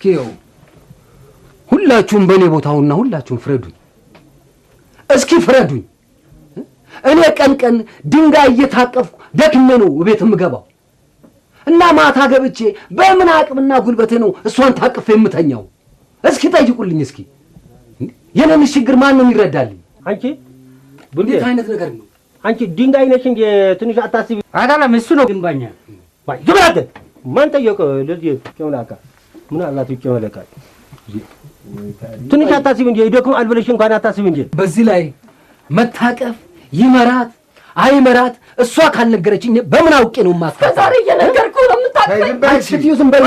እስኪ ይኸው ሁላችሁም በእኔ ቦታውና ሁላችሁም ፍረዱኝ፣ እስኪ ፍረዱኝ። እኔ ቀን ቀን ድንጋይ እየታቀፍኩ ደክሜ ነው ቤት የምገባው እና ማታ ገብቼ በምን አቅምና ጉልበቴ ነው እሷን ታቅፌ የምተኛው? እስኪ ጠይቁልኝ። እስኪ የኔን ችግር ማን ነው ይረዳልኝ? አንቺ እንዴት አይነት ነገር ነው? አንቺ ድንጋይ ነሽ እንጂ ትንሽ አታስቢ። አይደለም እሱ ነው ግንባኛ ማን ጠየቀ ለዚህ ጨውላካ ምን አላት ውጭ መለቃል ትንሽ አታስቢ እንጂ ይደክማል ብለሽ እንኳን አታስቢ እንጂ። በዚህ ላይ መታቀፍ ይመራት አይመራት እሷ ካልነገረችኝ በምን አውቄ ነው የማስቀር? ዛሬ እየነገርኩ ነው የምታቀኝ። ዝም በል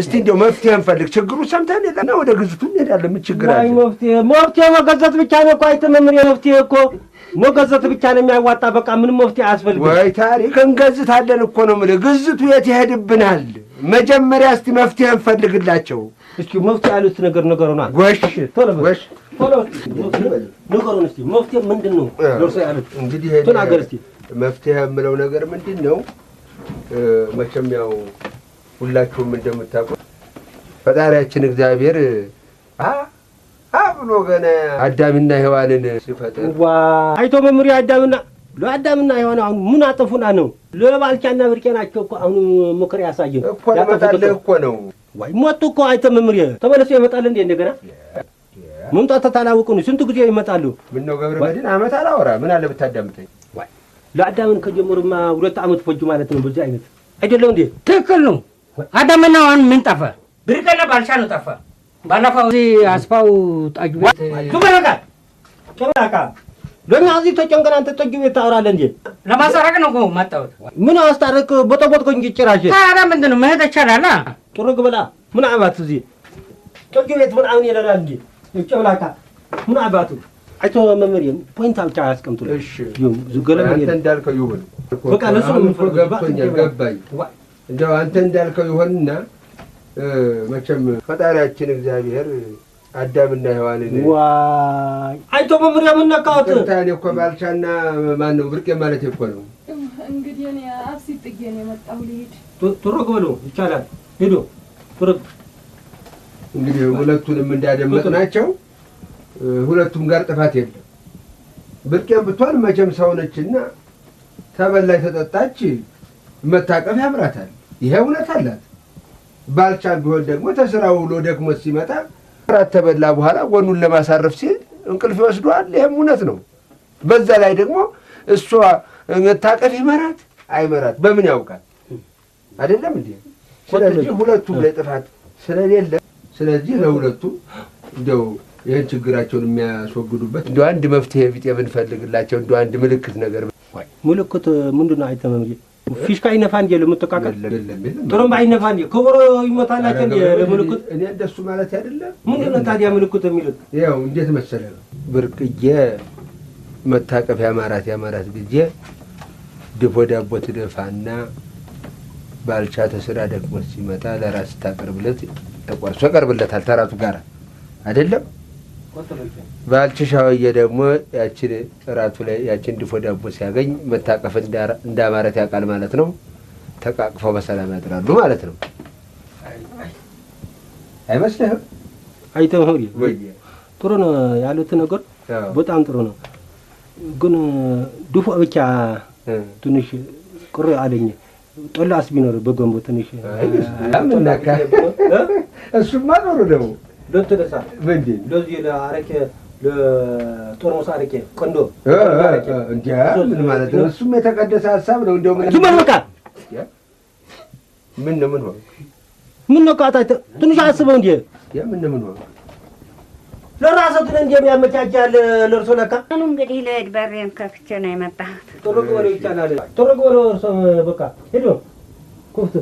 እስቲ እንዲያው መፍትሄ እንፈልግ። ችግሩ ሰምተን የለና ወደ ግዝቱ እንሄዳለን። ምን ችግር አለ? መፍትሄ መፍትሄ መገዘት ብቻ ነው እኮ አይተመምር። የመፍትሄ እኮ መገዘት ብቻ ነው የሚያዋጣ። በቃ ምንም መፍትሄ አያስፈልግም። ወይ ታሪክ እንገዝታለን እኮ ነው የምልህ። ግዝቱ የት ይሄድብናል? መጀመሪያ እስቲ መፍትሄ እንፈልግላቸው። እስኪ መፍትሄ ያሉት ነገር ነገሩና ሆኗል። ጎሽ ቶሎ ጎሽ ቶሎ ነገሩን እስቲ መፍትሄ ምንድን ነው ደርሶ ያሉት? እንግዲህ ተናገር እስቲ መፍትሄ የምለው ነገር ምንድን ነው? መቼም ያው ሁላችሁም እንደምታውቁ ፈጣሪያችን እግዚአብሔር ብሎ ገና አዳምና ሔዋንን ሲፈጥር አይቶ መምሪ አዳምና ለአዳምና ሔዋን አሁን ምን አጠፉና ነው? ለባልቻና ብርቄ ናቸው እኮ አሁን ሞክር ያሳየን እኮ ለመጣልህ እኮ ነው። ወይ ሞቱ እኮ አይተ መምሪ ተመለሱ ይመጣል እንዴ? እንደገና መምጣት ታላውቁ ነው። ስንት ጊዜ ይመጣሉ። ምን ነው ገብረ መድን አመት አላወራ ምን አለ ብታዳምጠኝ። ለአዳምን ከጀመሩማ ሁለት አመት ፈጁ ማለት ነው። በዚህ አይነት አይደለም እንዴ? ትክክል ነው። አዳምና አሁን ምን ጠፈ ብርቅና ባልቻ ነው ጠፋ። ባለፈው እዚህ አስፋው ጠጅ ቤት ትበረጋ ትበረጋ ለኛ እዚህ ተጨንቀን አንተ ጠጅ ቤት ታወራለህ እንዴ? ለማሳረቅ ነው እኮ መጣሁት። ምን አስታረቅ? በጠቦጥከኝ እንጂ ጭራሽ። ታዲያ ምንድን ነው መሄድ ይቻላል። ጥርግ ብላ ምን አባት እዚህ ጠጅ ቤት ምናምን ይለናል እንጂ ጨብላካ ምን አባቱ አይቶ መምህር ፖይንት አብጫ ያስቀምጡ። እሺ ይሁን፣ ዝገለ ምን እንዳልከው ይሁን። በቃ ለሱ ነው ምን ገባኝ እንደው አንተ እንዳልከው ይሆንና መቼም ፈጣሪያችን እግዚአብሔር አዳምና ሔዋንን አይቶ በምርያም እናካወት ታኔ እኮ ባልቻና ማን ነው ብርቄ ማለት እኮ ነው። እንግዲህ እኔ አብሲ ጥጌ ነው የመጣሁ ልሂድ። ትሮግ ብሎ ይቻላል ሄዶ ትሮግ እንግዲህ ሁለቱንም እንዳደመጡ ናቸው። ሁለቱም ጋር ጥፋት የለም። ብርቄም ብቷል መቼም ሰውነችና ተበላይ ተጠጣች መታቀፍ ያምራታል። ይሄ እውነት አላት። ባልቻ ቢሆን ደግሞ ተስራ ውሎ ደግሞ ሲመጣ ራት ተበላ በኋላ ጎኑን ለማሳረፍ ሲል እንቅልፍ ይወስደዋል። ይህም እውነት ነው። በዛ ላይ ደግሞ እሷ መታቀፍ ይመራት አይመራት በምን ያውቃል? አይደለም እንዴ? ስለዚህ ሁለቱም ላይ ጥፋት ስለሌለ ስለዚህ ለሁለቱ እንደው ይህን ችግራቸውን የሚያስወግዱበት እንደ አንድ መፍትሄ ቢጤ ብንፈልግላቸው እንደ አንድ ምልክት ነገር ምልክት ምንድን ነው? ፊሽካ አይነፋ እንዴ ለመጠቃቀል ጥሩም አይነፋ እንዴ ከበሮ ይመታላችሁ እንዴ ለምልክት እኔ እንደሱ ማለት አይደለም ምንድን ነው ታዲያ ምልክት የሚሉት ያው እንዴት መሰለ ነው ብርቅዬ መታቀፍ ያማራት ያማራት ጊዜ ድፎ ዳቦ ትደፋና ባልቻ ተስራ ደክሞት ሲመጣ ለራስ ታቀርብለት ተቆርሶ ያቀርብለታል ተራቱ ጋር አይደለም ባልች ሻውዬ ደግሞ ያችን እራቱ ላይ ያችን ድፎ ዳቦ ሲያገኝ መታቀፍ እንዳማረት ያውቃል ማለት ነው። ተቃቅፈው በሰላም ያድራሉ ማለት ነው። አይመስልህም? አይተህ ጥሩ ነው ያሉት ነገር በጣም ጥሩ ነው። ግን ድፎ ብቻ ትንሽ ቅር አለኝ። ጦላስ ቢኖር በገንቦ ትንሽ እሱማ ኖሩ ደግሞ ለተደሳ ወንዴ ለዚህ ለአረቄ ለጦርሙስ አረቄ ቆንዶ አረቄ ምን ማለት ነው? እሱም የተቀደሰ ሀሳብ ነው። እንደው ምን ምን በቃ ምን ምን ሆነ? ምን ነው ቃታ ትንሽ አስበው እንዴ ያ ምን ምን ሆነ? ለራስህ ግን እንዴ የሚያመቻቻል ለእርሶ ለካ አሁን እንግዲህ ለእድ ከፍቼ ነው የመጣሁት። ጥርግ ብሎ ይቻላል። ጥርግ ብሎ እርሶ በቃ ሄዶ ኩፍት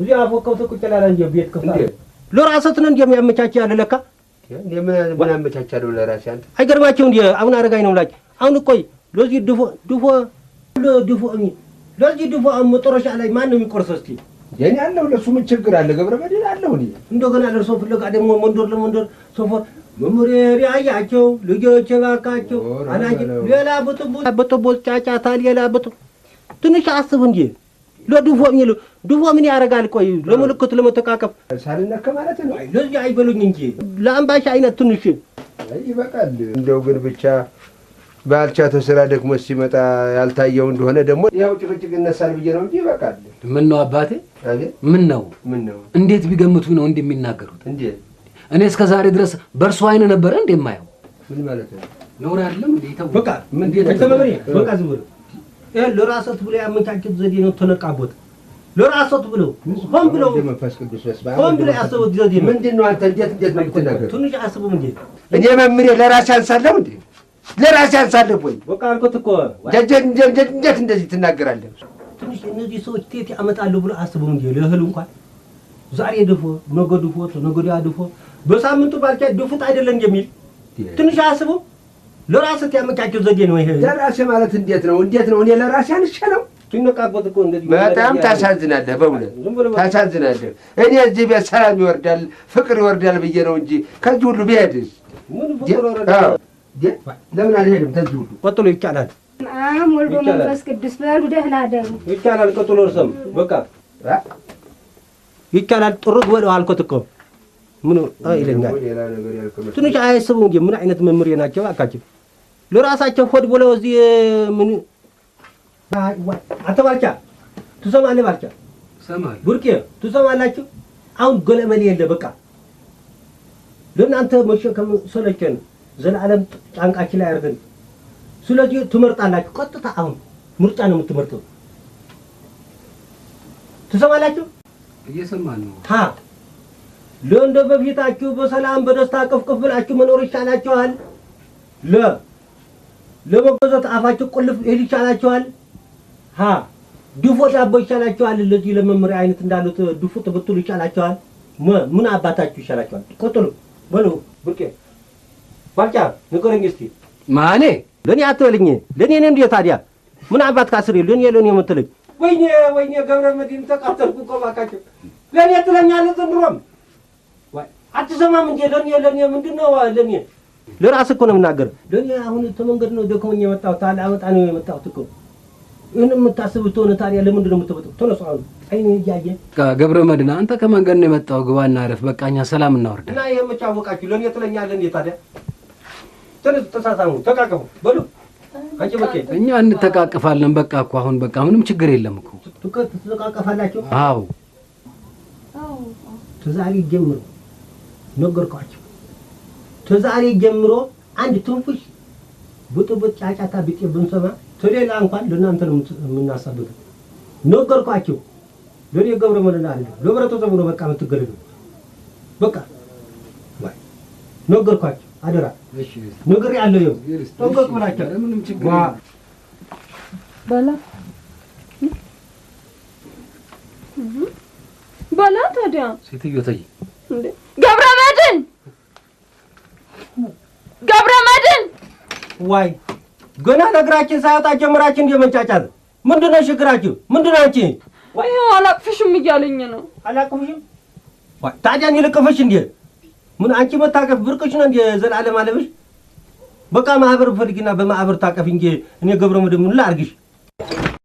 እዚህ አፎ ከውት ቁጭ ላላ እንጂ ቤት ክፍት ለራስህ ትነ እንዲህ የሚያመቻች ያለ ለካ ምን አመቻቻለሁ ለራሴ። አንተ አይገርማቸው እንዲ አሁን አረጋኝ ነው ብላችሁ አሁን ቆይ ለዚህ ድፎ ድፎ ድፎ ለዚህ ድፎ መጨረሻ ላይ ማን ነው የሚቆርሰው? እስኪ የኔ አለሁ ለእሱ ምን ችግር አለ? ገብረ መድን አለሁ እኔ እንደገና ለሰው ፍለጋ ደግሞ መንዶር ለመንዶር ሶፎ መምሬር አያቸው ልጆች ባካቸው አናጅ ሌላ ብጥቦ ብጥቦ ጫጫታ ሌላ ብጥ ትንሽ አስብ እንጂ ለድፎ የሚሉ ድፎ ምን ያደርጋል? ቆይ ለምልክት ለመተቃቀፍ ሳልነካ ማለት ነው። ለዚህ አይበሉኝ እንጂ ለአምባሻ አይነት ትንሽ ይበቃል። እንደው ግን ብቻ ባልቻቶ ስራ ደክሞ ሲመጣ ያልታየው እንደሆነ ደግሞ ያው ጭቅጭቅ እነሳል ብዬ ነው እንጂ ይበቃል። ምን ነው አባቴ፣ ምን ነው ምን ነው? እንዴት ቢገምቱ ነው እንደሚናገሩት? እንዴ እኔ እስከ ዛሬ ድረስ በእርሶ አይነ ነበረ እንደማየው። ምን ማለት ነው? ነውር አይደለም። በቃ ምን ይህ ለራሶት ብሎ ያመቻቸት ዘዴ ነው። ተነቃቦት ለራሶት ብሎ ሆን ብሎ ሆን ብሎ ያሰቡት ዘዴ ነው። ምንድን ነው? አንተ እንዴት እንዴት ነው የምትናገር? ትንሽ አስቡም እንዴ! እኔ መምሬ ለራሴ አንሳለሁ እንዴ? ለራሴ አንሳለሁ ወይ? በቃ አልኩት እኮ እንዴት እንደዚህ ትናገራለህ? ትንሽ እነዚህ ሰዎች ቴት ያመጣሉ ብሎ አስቡም እንዴ! ለእህል እንኳን ዛሬ ድፎ ነገ ድፎ ነገ ድፎ በሳምንቱ ባልቻ ድፉት አይደለም የሚል ትንሽ አስቡም ለራስህ ያመቻቸው ዘዴ ነው ይሄ። ለራስህ ማለት እንዴት ነው? እንዴት ነው? እኔ ለራሴ አልቻለው። ትነቃበት እኮ እንደዚህ። በጣም ታሳዝናለህ፣ በእውነት ታሳዝናለህ። እኔ እዚህ ቤት ሰላም ይወርዳል፣ ፍቅር ይወርዳል ብዬ ነው እንጂ ከዚህ ሁሉ ብሄድስ ለምን አልሄድም? ከዚህ ሁሉ ቀጥሎ ይቻላል። አም ወልዶ መንፈስ ቅዱስ በሉ ደህና ይቻላል። ቀጥሎ እርሰም በቃ ይቻላል። አልኮት እኮ ምን ይለኛል። ትንሽ አያስቡ እንጂ ምን አይነት መምህር ናቸው? አካቸው ለራሳቸው ሆድ ብለው እዚህ ምን አንተ ባልቻ ትሰማለህ? ባልቻ ቡርቄ ትሰማላችሁ? አሁን ገለመሌ የለ በቃ ለእናንተ መሸከም ሰለቸን። ዘላለም ጫንቃችን ላይ አድርገን ስለዚህ ትመርጣላችሁ። ቀጥታ አሁን ምርጫ ነው የምትመርጠው። ትሰማላችሁ? እየሰማን ነው። ለእንደ በፊታችሁ በሰላም በደስታ ቅፍቅፍ ብላችሁ መኖር ይቻላችኋል? ለ ለመጎዘት አፋችሁ ቁልፍ ይሄድ ይቻላችኋል? ሀ ድፎ ዳቦ ይቻላችኋል? ለዚህ ለመመሪያ አይነት እንዳሉት ድፉት ብትሉ ይቻላችኋል? ምን አባታችሁ ይሻላችኋል? ቆጥሉ በሉ ብርቄ ባልጫ ንገረኝ እስቲ። ማኔ ለኔ አትበልኝ። ለኔ ነው እንዴ ታዲያ? ምን አባት ካስሪ ለኔ ለኔ የምትለኝ? ወይኔ ወይኔ ገብረ መድህን ተቃተልኩ እኮ እባካችሁ። ለኔ ትለኛለህ ዝም አትሰማም እንዴ? ለኔ ለኔ ምንድን ነው ለኔ ለራስ እኮ ነው የምናገር። ለኔ አሁን ተመንገድ ነው ደከመኝ የመጣሁት አለ አመጣ ነው የመጣሁት እኮ ይህን የምታስብ ትሆነ ታዲያ ለምንድን ነው የምትመጣው? ተነሱ አሉ አይኑ እያየ ገብረ መድና አንተ ከመንገድ ነው የመጣው። ግባ እናረፍ፣ በቃ እኛ ሰላም እናወርደ እና ይሄ መጫወቃችሁ ለኔ ትለኛለህ እንዴ? ታዲያ ተነሱ፣ ተሳሳሙ፣ ተቃቀሙ በሉ እኛ እንተቃቀፋለን። በቃ እኮ አሁን በቃ ምንም ችግር የለም እኮ ትቃቀፋላችሁ። አዎ አዎ ተዛሪ ጀምሩ ነገርኳቸው። ተዛሬ ጀምሮ አንድ ትንፉሽ ብጥብጥ ጫጫታ ቢጤ ብንሰማ ተሌላ እንኳን ለእናንተ ነው የምናሳብቀው። ነገርኳቸው። ለእኔ ገብረ መድህን አለ ለህብረተሰቡ ነው በቃ የምትገለሉ በቃ ነገርኳቸው። አደራ ነገር ያለ ነው ነገርኩ ብላቸው በላ በላ ታዲያ ሴትዮ ተይ ገብረ መድን ገብረ መድን ዋይ ገና ነግራችን ሳያወጣ ጀምራችን እንደ መንጫጫት። ምንድን ነው ችግራችሁ? ምንድን ነው አንቺ? ወይ አላቅፍሽም እያለኝ ነው። አላቅፍሽም? ታዲያ ልቅፍሽ እንዴ? ምን አንቺ መታቀፍ ብርቅሽ ነው እንዴ? ዘላለም አለብሽ። በቃ ማህበር ፈልጊና በማህበር ታቀፍ እንጂ እኔ ገብረ መድን ምን ላድርግሽ?